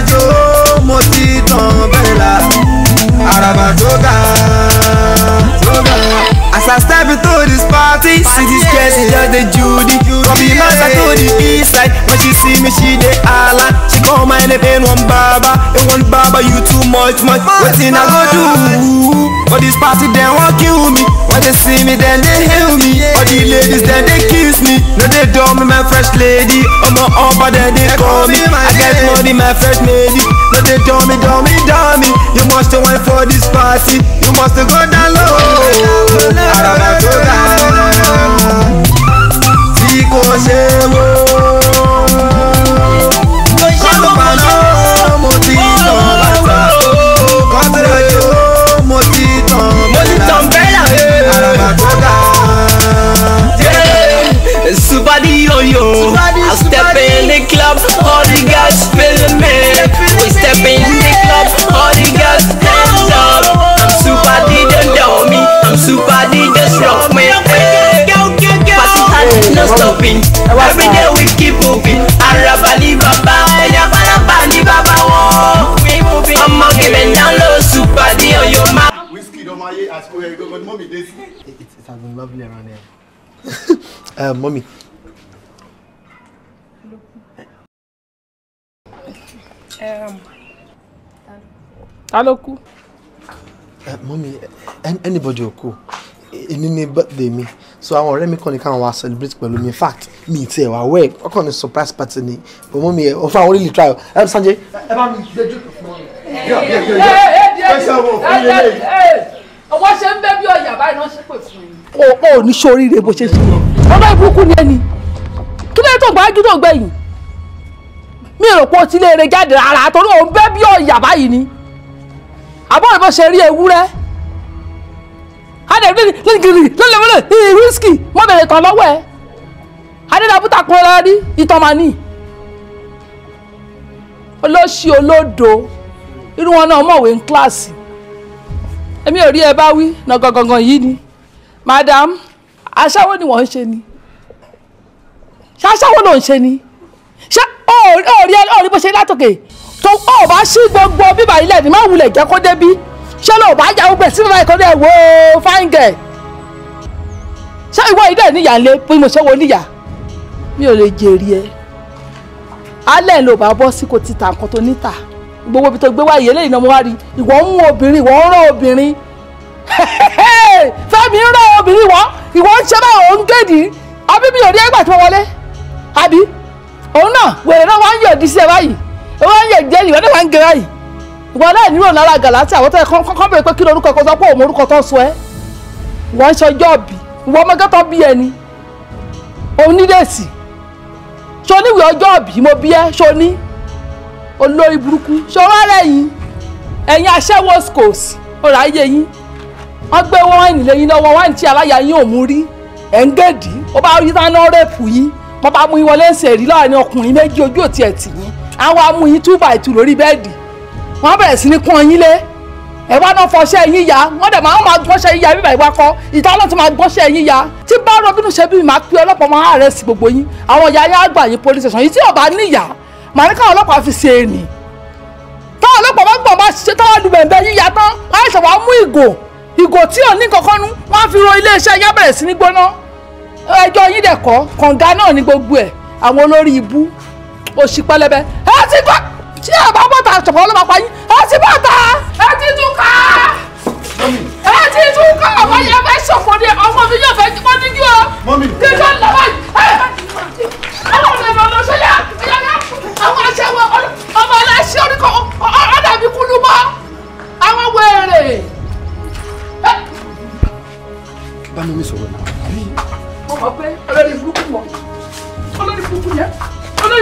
jó mo ti tàn bẹ́ẹ̀ la àràbà tó ga tó ga. As I step into this party, see this girl, she just the Judy. From the master to the east side, when she see me, she dey Allah. She call my name in one baba, in one baba, you too much, much. Waiting I go do. this party, they won't kill me. When they see me, then they hail me. All the ladies, then they kiss me. No, they don't me, my fresh lady. I'm a upper, then they call me. I get money, my fresh lady. No, they don't me, don't me, don't me. You must wait for this party. You must go down low. I don't go in the club, all the girls stand super lovely around here. uh, um, Hello, ló kú. mọ́mí anybody ò kú èmi ni birthday mi so àwọn ọ̀rẹ́ mi kàn ní káwọn wá celebrate pẹ̀lú mi in fact mi ì tiẹ̀ wá wẹ̀ ọkàn ní surprise party ni but mọ́mí ẹ̀ ọ̀fọ̀ àwọn onílì try ẹ̀ ẹ̀ sanjẹ́ ẹ Yeah, yeah, yeah. Hey, hey, hey. ọwọ́ ṣe Hey, bẹ́ bí ọ̀yà báyìí náà ṣe pè fún mi. Oh, oh, ni sọ oríire bó ṣe ṣe ọlọ́ ìbùkún ni ẹni kí lóye tó gbájú tó gbẹ̀yìn mi rò pé o ti léèrè jáde rárá torí òun bẹ́ bí ọ̀yà báyìí ni àbọ̀ ìbọn ṣe rí ewúrẹ́ adé lẹ́gìrì lẹ́lẹ́mọ́lẹ́ wíṣkì mo bèrè tán lọ́wọ́ ẹ̀ adédàbútà kan lọ́wọ́ rí ìtàn máa ní olóṣì olódo irú wọn náà mọ̀wé ní kíláàsì èmi ò rí ẹ bá wí nàgàngàngàn yìí ni madam aṣáwó ni wọ́n ń ṣe ni ṣáṣáwó ló ń ṣe ni bó ṣe látòkè tó o bá ṣí gbogbo bíbá ilẹ̀ ní má wulẹ̀ jẹ́ kó débi ṣé ló bá yà gbẹ sí bàbá ìkọ́dẹ̀ wo fine girl ṣé ìwọ ilé níyà ń lé bí mo ṣe wo níyà mi ò lè jèrè ẹ alẹ́ ló bá bọ́ sí kò ti ta nǹkan tó níta gbogbo ibi tó gbé wáyé eléyìí náà mo wá rí ìwọ ń mú obìnrin ìwọ ń rán obìnrin fẹ́mi ń rán obìnrin wọ́n ìwọ ń ṣe báwọn ń gèdì àbí mi ò rí ẹgbà tí mo wọlé àbí òun náà wèrè náà wá ń yọ̀ di sí ẹ báyìí wọ́n wá ń yẹ̀ jẹ́ ìwọ́n náà wá ń gẹ̀rẹ́ yìí ìwọ́n náà nílò náírà gàlátì àwọn tẹ̀ kọ́ bẹ̀rẹ̀ pé kí lorúkọ ẹ̀kọ́ sọ pé òun orúkọ tó sọ ẹ́ wọ́n ń ṣọjọ́ ọ̀bì ìwọ́n ọmọ gẹ́tọ̀ bí ẹni òun nídèsì ṣo níwèé ọjọ́ ọ̀bì mo bí ẹ́ ṣo ní olórí burúkú ṣo wá lẹ́yìn ẹ̀yin aṣẹ́wó skos ọ̀rọ̀ ayé yín wọ́n gbé wáìnì lẹ́yìn lọ́wọ́ wáìnì tí aláya yín ò mú rí ẹ̀ ń gèdì ó bá rí sáná rẹ́pù yín wọ́n bá mú yín wọlé ṣe rí láàrin ọkùnrin méjì ojú òtí ẹ̀ tì yín àwọn amú yín two by two lórí bẹ́ẹ̀dì wọ́n bẹ̀rẹ̀ sí ní kún yín lé ẹ wá náà fọṣẹ yín ya wọ́n dẹ̀ máa ń máa gbọ́ṣẹ́ yín ya bíbá ìwà kọ́ ìta náà ti máa gbọ́ṣẹ́ yín ya tí bá rọbínú ṣe bí màá pe ọlọ́pàá máa arrest gbogbo yín àwọn ìyá yá àgbà yín police station yìí tí ọba níyà màá ní káwọn ọlọ́pàá fi ṣe èrè táwọn ọlọ́pàá bá gbọ̀n bá ṣe táwọn lùbẹ̀ǹbẹ̀ yín ya tán wọ́n á ṣe wàá mú ìgò ìgò tí ò ní kankan nú wọ́n á fi ro iléeṣẹ́ yá bẹ̀rẹ̀ sí ní gbóná ẹjọ́ yín dẹ̀ kọ́ kànga náà ní gbogbo ẹ̀ àwọn olórí ibú òṣì pẹlẹbẹ ẹ ti gbọ́ tí ẹ bá bọ́ta ṣọ̀pọ̀ ọlọ́mọ pa yín ẹ ti bọ́ta ẹ ti tún ká ẹ ti tún ká ọmọ yẹn fẹ́ ṣọ̀pọ̀ ni ọmọ mi yóò fẹ́ jíkọ́ níjú o. mọ́mí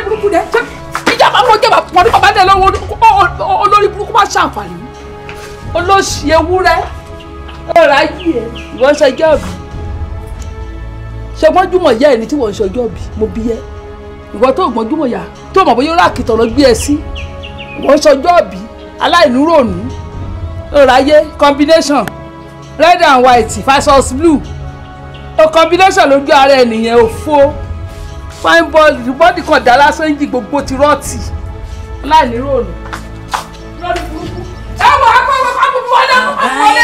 burúkú dẹ ṣé ìjàmbá wọn jẹba pọnú bàbá dẹ lọ́wọ́ olórí burúkú má ṣàǹfààní olóṣì ewúrẹ́ ọ̀rá yìí ẹ ìwọ ń ṣọjọ́ ọ̀bì ṣọgbọ́n jùmọ̀ yá ẹni tí wọ́n ń ṣọjọ́ ọ̀bì mo bí ẹ ìwọ tó gbọ́n jùmọ̀ yá tó mọ̀ bóyá ó rà kìtọ̀ lọ gbé ẹ sí ìwọ ń ṣọjọ́ ọ̀bì aláìnúrònú ọ̀ráyé combination red and white versus blue o combination lójú ara ènìyàn òfo fine boy bọ́dì kan dá lásán yìí gbogbo ti rọ́ọ̀tì láìní ròòlù. ẹ wọ akọ wọn kọ́ fún wọlé fún wọlé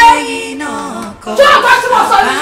tó àgbà tí mo sọ ní.